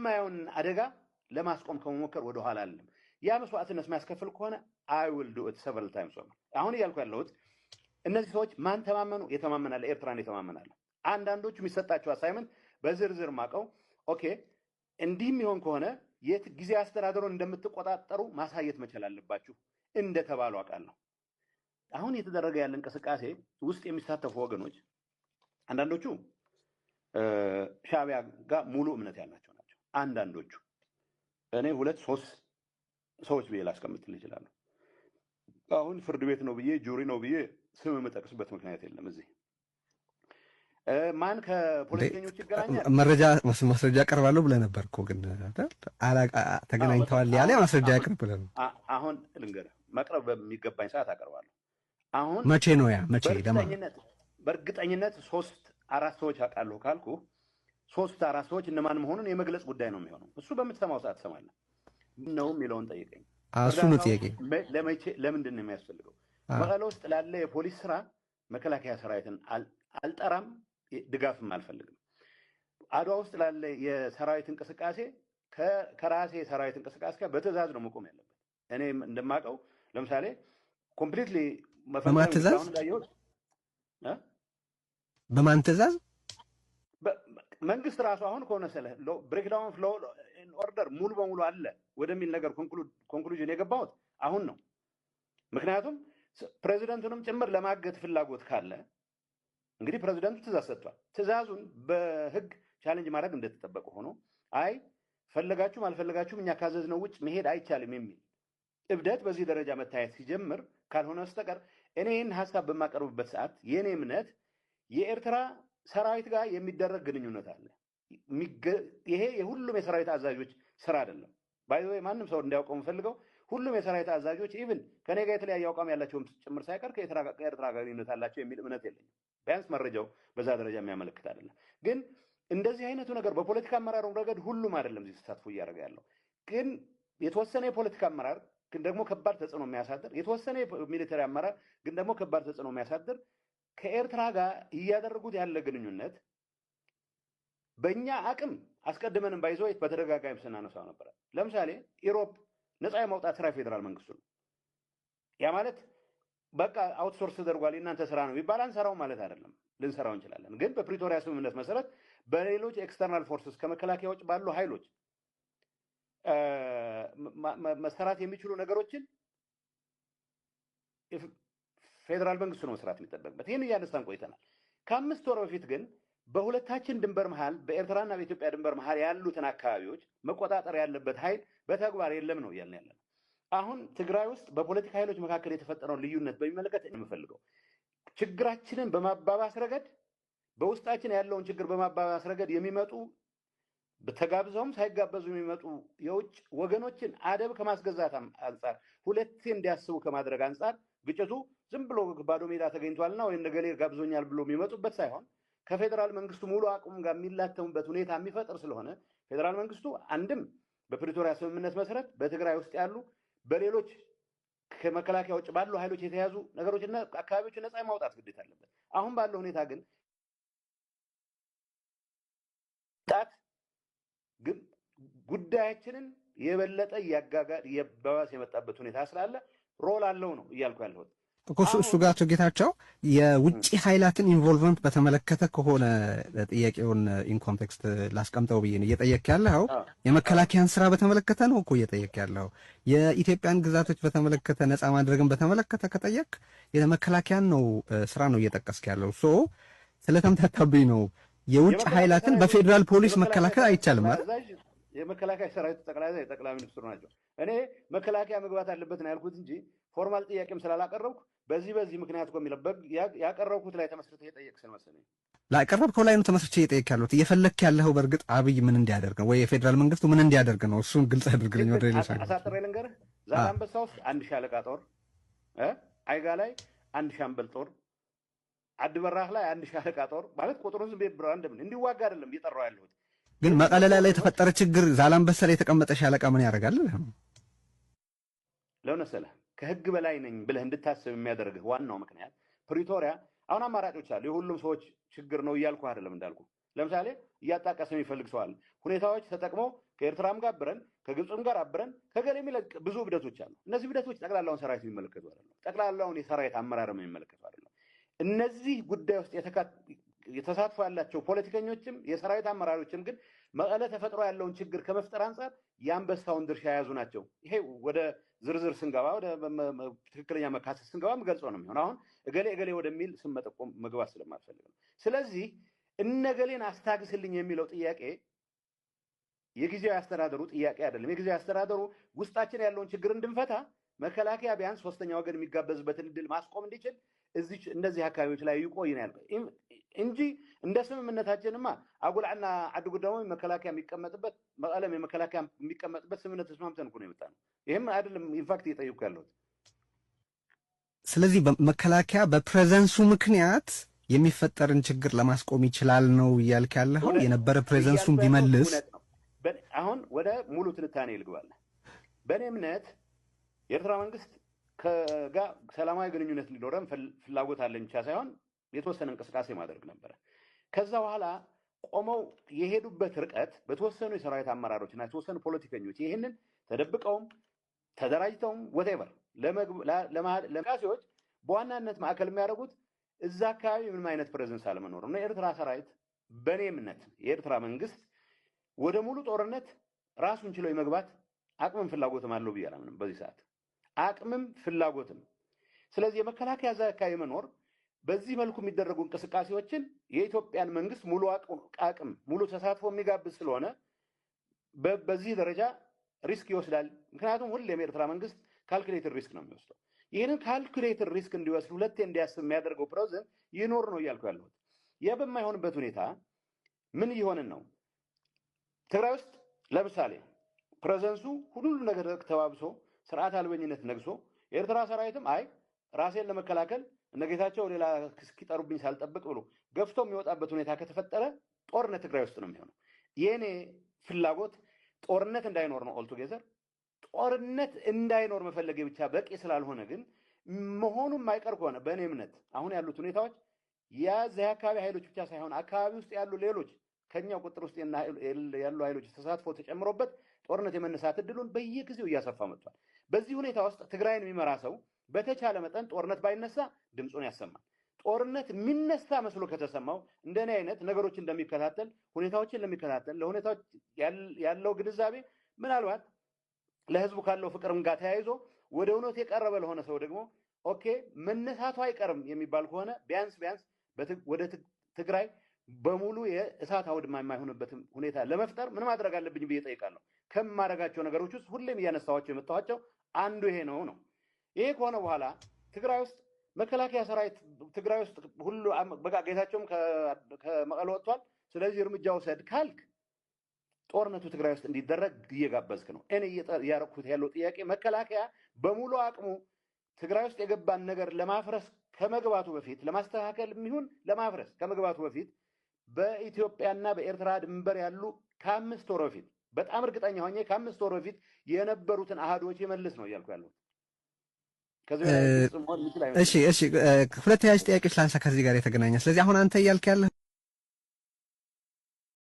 የማየውን አደጋ ለማስቆም ከመሞከር ወደኋላ አለም። ያ መስዋዕትነት የሚያስከፍል ከሆነ አይ ዊል ዱ ኢት ሰቨራል ታይምስ። አሁን እያልኩ ያለሁት እነዚህ ሰዎች ማን ተማመኑ? የተማመናለ ኤርትራን የተማመናለ። አንዳንዶቹ የሚሰጣቸው አሳይመንት በዝርዝር ማቀው ኦኬ፣ እንዲህ የሚሆን ከሆነ የት ጊዜ አስተዳደሩን እንደምትቆጣጠሩ ማሳየት መቻል አለባችሁ እንደተባሉ አውቃለሁ። አሁን እየተደረገ ያለ እንቅስቃሴ ውስጥ የሚሳተፉ ወገኖች አንዳንዶቹ ሻቢያ ጋር ሙሉ እምነት ያላቸው አንዳንዶቹ እኔ ሁለት ሶስት ሰዎች ብዬ ላስቀምጥል ይችላሉ። አሁን ፍርድ ቤት ነው ብዬ ጁሪ ነው ብዬ ስም የምጠቅስበት ምክንያት የለም። እዚህ ማን ከፖለቲከኞች ይገናኛል መረጃ ማስረጃ ያቀርባለሁ ብለህ ነበር እኮ ግን ተገናኝተዋል ያለ ማስረጃ ያቅርብ ብለህ ነው። አሁን ልንገርህ መቅረብ በሚገባኝ ሰዓት አቀርባለሁ። አሁን መቼ ነው ያ መቼ ለማ በእርግጠኝነት ሶስት አራት ሰዎች አውቃለሁ ካልኩ ሶስት አራት ሰዎች እነማን መሆኑን የመግለጽ ጉዳይ ነው የሚሆነው። እሱ በምትሰማው ሰዓት ትሰማለህ። ነው የሚለውን ጠይቀኝ። እሱ ነው ጥያቄ። ለመቼ ለምንድን ነው የሚያስፈልገው? መቀለ ውስጥ ላለ የፖሊስ ስራ መከላከያ ሰራዊትን አልጠራም፣ ድጋፍም አልፈልግም። አድዋ ውስጥ ላለ የሰራዊት እንቅስቃሴ ከራሴ የሰራዊት እንቅስቃሴ ጋር በትዕዛዝ ነው መቆም ያለበት። እኔ እንደማውቀው ለምሳሌ ኮምፕሊትሊ በማን ትዕዛዝ በማን ትዕዛዝ መንግስት ራሱ አሁን ከሆነ ስለ ብሬክዳውን ፍሎ ኦርደር ሙሉ በሙሉ አለ ወደሚል ነገር ኮንክሉዥን የገባሁት አሁን ነው። ምክንያቱም ፕሬዚደንቱንም ጭምር ለማገት ፍላጎት ካለ እንግዲህ ፕሬዚደንቱ ትእዛዝ ሰጥቷል። ትእዛዙን በህግ ቻለንጅ ማድረግ እንደተጠበቀ ሆኖ አይ ፈለጋችሁም አልፈለጋችሁም እኛ ካዘዝነው ውጭ መሄድ አይቻልም የሚል እብደት በዚህ ደረጃ መታየት ሲጀምር ካልሆነ በስተቀር እኔ ይህን ሀሳብ በማቀርብበት ሰዓት የእኔ እምነት የኤርትራ ሰራዊት ጋር የሚደረግ ግንኙነት አለ። ይሄ የሁሉም የሰራዊት አዛዦች ስራ አይደለም። ባይዘ ማንም ሰው እንዲያውቀው የምፈልገው ሁሉም የሰራዊት አዛዦች ኢቭን ከኔ ጋር የተለያየ አቋም ያላቸውም ጭምር ሳይቀር ከኤርትራ ጋር ግንኙነት አላቸው የሚል እምነት የለኝም። ቢያንስ መረጃው በዛ ደረጃ የሚያመለክት አይደለም። ግን እንደዚህ አይነቱ ነገር በፖለቲካ አመራሩ ረገድ ሁሉም አይደለም እዚህ ተሳትፎ እያደረገ ያለው ግን የተወሰነ የፖለቲካ አመራር ግን ደግሞ ከባድ ተጽዕኖ የሚያሳድር የተወሰነ ሚሊተሪ አመራር ግን ደግሞ ከባድ ተጽዕኖ የሚያሳድር ከኤርትራ ጋር እያደረጉት ያለ ግንኙነት በእኛ አቅም አስቀድመንም ባይዞ በተደጋጋሚ ስናነሳው ነበረ። ለምሳሌ ኢሮፕ ነፃ የማውጣት ስራ ፌዴራል መንግስቱ ነው። ያ ማለት በቃ አውትሶርስ ተደርጓል የእናንተ ስራ ነው ይባል አንሰራው ማለት አይደለም። ልንሰራው እንችላለን። ግን በፕሪቶሪያ ስምምነት መሰረት በሌሎች ኤክስተርናል ፎርስስ ከመከላከያ ውጭ ባሉ ኃይሎች መሰራት የሚችሉ ነገሮችን ፌዴራል መንግስቱ ነው መስራት የሚጠበቅበት። ይህን እያነሳን ቆይተናል። ከአምስት ወር በፊት ግን በሁለታችን ድንበር መሀል በኤርትራና በኢትዮጵያ ድንበር መሀል ያሉትን አካባቢዎች መቆጣጠር ያለበት ኃይል በተግባር የለም ነው እያልን ያለን። አሁን ትግራይ ውስጥ በፖለቲካ ኃይሎች መካከል የተፈጠረውን ልዩነት በሚመለከት የምፈልገው ችግራችንን በማባባስ ረገድ በውስጣችን ያለውን ችግር በማባባስ ረገድ የሚመጡ ተጋብዘውም ሳይጋበዙ የሚመጡ የውጭ ወገኖችን አደብ ከማስገዛት አንጻር ሁለቴ እንዲያስቡ ከማድረግ አንጻር ግጭቱ ዝም ብሎ ባዶ ሜዳ ተገኝቷልና ወይም ነገሌ ጋብዞኛል ብሎ የሚመጡበት ሳይሆን ከፌዴራል መንግስቱ ሙሉ አቅሙ ጋር የሚላተሙበት ሁኔታ የሚፈጥር ስለሆነ ፌዴራል መንግስቱ አንድም በፕሪቶሪያ ስምምነት መሰረት በትግራይ ውስጥ ያሉ በሌሎች ከመከላከያ ውጭ ባሉ ኃይሎች የተያዙ ነገሮችና አካባቢዎች ነፃ ማውጣት ግዴታ አለበት። አሁን ባለው ሁኔታ ግን ጣት ግን ጉዳያችንን የበለጠ የባባስ የመጣበት ሁኔታ ስላለ ሮል አለው ነው እያልኩ ያለሁት። እሱ ጋር አቶ ጌታቸው የውጭ ኃይላትን ኢንቮልቭመንት በተመለከተ ከሆነ ጥያቄውን ኢንኮንቴክስት ላስቀምጠው ብዬ ነው እየጠየቅ ያለው። የመከላከያን ስራ በተመለከተ ነው እኮ እየጠየቅ ያለው። የኢትዮጵያን ግዛቶች በተመለከተ ነፃ ማድረግን በተመለከተ ከጠየቅ የመከላከያን ነው ስራ ነው እየጠቀስክ ያለው። ሶ ስለተምታታብኝ ነው የውጭ ኃይላትን በፌዴራል ፖሊስ መከላከል አይቻልም አ የመከላከያ ሰራዊት ጠቅላይ ጠቅላይ ሚኒስትሩ ናቸው። እኔ መከላከያ መግባት አለበት ነው ያልኩት እንጂ ፎርማል ጥያቄም ስላላቀረብኩ በዚህ በዚህ ምክንያት እኮ የሚለበት ያቀረብኩት ላይ ተመስርተህ የጠየቅ ስለመሰለኝ ላቀረብከው ላይ ነው ተመስርቼ የጠየቅ ያሉት። እየፈለግክ ያለኸው በእርግጥ አብይ ምን እንዲያደርግ ነው ወይ የፌዴራል መንግስቱ ምን እንዲያደርግ ነው? እሱን ግልጽ አድርግልኝ። ወደ ሌሎች አሳጥሬ ልንገርህ። ዛላንበሳ ውስጥ አንድ ሻለቃ ጦር አይጋ ላይ አንድ ሻምበል ጦር አድ በራህ ላይ አንድ ሻለቃ ጦር ማለት ቆጥሮስ ቤት ብራንድም እንዲዋጋ አይደለም እየጠራው ያለሁት። ግን መቀለ ላይ የተፈጠረ ችግር ዛላንበሳ ላይ የተቀመጠ ሻለቃ ምን ያደርጋል? ለውነሰለ ከህግ በላይ ነኝ ብለህ እንድታስብ የሚያደርግህ ዋናው ምክንያት ፕሪቶሪያ አሁን አማራጮች አሉ። የሁሉም ሰዎች ችግር ነው እያልኩ አይደለም። እንዳልኩ ለምሳሌ እያጣቀስ የሚፈልግ ሰዋል ሁኔታዎች ተጠቅሞ ከኤርትራም ጋር አብረን ከግብፅም ጋር አብረን ከገሌ የሚለቅ ብዙ ብደቶች አሉ። እነዚህ ብደቶች ጠቅላላውን ሰራዊት የሚመለከቱ አይደለም። ጠቅላላውን የሰራዊት አመራር የሚመለከቱ እነዚህ ጉዳይ ውስጥ የተሳትፎ ያላቸው ፖለቲከኞችም የሰራዊት አመራሮችም ግን መቀለ ተፈጥሮ ያለውን ችግር ከመፍጠር አንጻር የአንበሳውን ድርሻ የያዙ ናቸው። ይሄ ወደ ዝርዝር ስንገባ ወደ ትክክለኛ መካሰስ ስንገባ ምገልጾ ነው የሚሆን። አሁን እገሌ እገሌ ወደሚል ስም መጠቆም መግባት ስለማልፈልግ ነው። ስለዚህ እነገሌን አስታግስልኝ የሚለው ጥያቄ የጊዜያዊ አስተዳደሩ ጥያቄ አይደለም። የጊዜያዊ አስተዳደሩ ውስጣችን ያለውን ችግር እንድንፈታ መከላከያ ቢያንስ ሶስተኛ ወገን የሚጋበዝበትን እድል ማስቆም እንዲችል እዚህ እንደዚህ አካባቢዎች ላይ ይቆይ ነው ያልኩት እንጂ እንደ ስምምነታችንማ አጉልዓና ዓዲ ጉዳዮች መከላከያ የሚቀመጥበት መቀለም የመከላከያ የሚቀመጥበት ስምምነት ተስማምተን እኮ ነው የመጣ ነው። ይህም አይደለም ኢንፋክት እየጠየኩ ያለሁት። ስለዚህ መከላከያ በፕሬዘንሱ ምክንያት የሚፈጠርን ችግር ለማስቆም ይችላል ነው እያልክ ያለኸው? የነበረ ፕሬዘንሱን ቢመልስ አሁን ወደ ሙሉ ትንታኔ ይልግባለ። በእኔ እምነት የኤርትራ መንግስት ጋር ሰላማዊ ግንኙነት እንዲኖረን ፍላጎት አለን ብቻ ሳይሆን የተወሰነ እንቅስቃሴ ማድረግ ነበረ። ከዛ በኋላ ቆመው የሄዱበት ርቀት በተወሰኑ የሰራዊት አመራሮች እና የተወሰኑ ፖለቲከኞች ይህንን ተደብቀውም ተደራጅተውም ወቴቨር ለቃሴዎች በዋናነት ማዕከል የሚያደርጉት እዛ አካባቢ ምንም አይነት ፕሬዘንስ አለመኖር እና የኤርትራ ሰራዊት በእኔ እምነት የኤርትራ መንግስት ወደ ሙሉ ጦርነት ራሱን ችለው የመግባት አቅምም ፍላጎትም አለው ብዬ አላምንም በዚህ ሰዓት አቅምም ፍላጎትም። ስለዚህ የመከላከያ ዘካ መኖር በዚህ መልኩ የሚደረጉ እንቅስቃሴዎችን የኢትዮጵያን መንግስት ሙሉ አቅም ሙሉ ተሳትፎ የሚጋብዝ ስለሆነ በዚህ ደረጃ ሪስክ ይወስዳል። ምክንያቱም ሁሌም የኤርትራ መንግስት ካልኩሌትድ ሪስክ ነው የሚወስደው። ይህንን ካልኩሌትድ ሪስክ እንዲወስድ ሁለቴ እንዲያስብ የሚያደርገው ፕሬዚደንት ይኖር ነው እያልኩ ያለሁት። ያ በማይሆንበት ሁኔታ ምን እየሆንን ነው? ትግራይ ውስጥ ለምሳሌ ፕሬዘንሱ ሁሉ ነገር ተባብሶ ስርዓት አልበኝነት ነግሶ የኤርትራ ሰራዊትም አይ ራሴን ለመከላከል እነ ጌታቸው ሌላ እስኪጠሩብኝ ሳልጠብቅ ብሎ ገፍቶ የሚወጣበት ሁኔታ ከተፈጠረ ጦርነት ትግራይ ውስጥ ነው የሚሆነው። የእኔ ፍላጎት ጦርነት እንዳይኖር ነው። ኦልቱጌዘር ጦርነት እንዳይኖር መፈለጌ ብቻ በቂ ስላልሆነ ግን መሆኑም ማይቀር ከሆነ በእኔ እምነት አሁን ያሉት ሁኔታዎች የዚህ አካባቢ ኃይሎች ብቻ ሳይሆን አካባቢ ውስጥ ያሉ ሌሎች ከኛው ቁጥር ውስጥ ያሉ ኃይሎች ተሳትፎ ተጨምሮበት ጦርነት የመነሳት እድሉን በየጊዜው እያሰፋ መጥቷል። በዚህ ሁኔታ ውስጥ ትግራይን የሚመራ ሰው በተቻለ መጠን ጦርነት ባይነሳ ድምፁን ያሰማል። ጦርነት የሚነሳ መስሎ ከተሰማው እንደኔ አይነት ነገሮችን እንደሚከታተል ሁኔታዎችን ለሚከታተል ለሁኔታዎች ያለው ግንዛቤ ምናልባት ለህዝቡ ካለው ፍቅርም ጋር ተያይዞ ወደ እውነት የቀረበ ለሆነ ሰው ደግሞ ኦኬ መነሳቱ አይቀርም የሚባል ከሆነ ቢያንስ ቢያንስ ወደ ትግራይ በሙሉ የእሳት አውድማ የማይሆንበትም ሁኔታ ለመፍጠር ምን ማድረግ አለብኝ ብዬ ጠይቃለሁ። ከማደርጋቸው ነገሮች ውስጥ ሁሌም እያነሳኋቸው የመጣኋቸው አንዱ ይሄ ነው ነው። ይሄ ከሆነ በኋላ ትግራይ ውስጥ መከላከያ ሰራዊት ትግራይ ውስጥ ሁሉ በቃ ጌታቸውም ከመቀለ ወጥቷል። ስለዚህ እርምጃ ውሰድ ካልክ ጦርነቱ ትግራይ ውስጥ እንዲደረግ እየጋበዝክ ነው። እኔ እያረኩት ያለው ጥያቄ መከላከያ በሙሉ አቅሙ ትግራይ ውስጥ የገባን ነገር ለማፍረስ ከመግባቱ በፊት ለማስተካከል የሚሆን ለማፍረስ ከመግባቱ በፊት በኢትዮጵያና በኤርትራ ድንበር ያሉ ከአምስት ወር በፊት በጣም እርግጠኛ ሆኜ ከአምስት ወር በፊት የነበሩትን አህዶች የመልስ ነው እያልኩ ያለሁት። እሺ እሺ፣ ሁለት ያዥ ጥያቄዎች ላንሳ ከዚህ ጋር የተገናኘ ስለዚህ አሁን አንተ እያልክ ያለ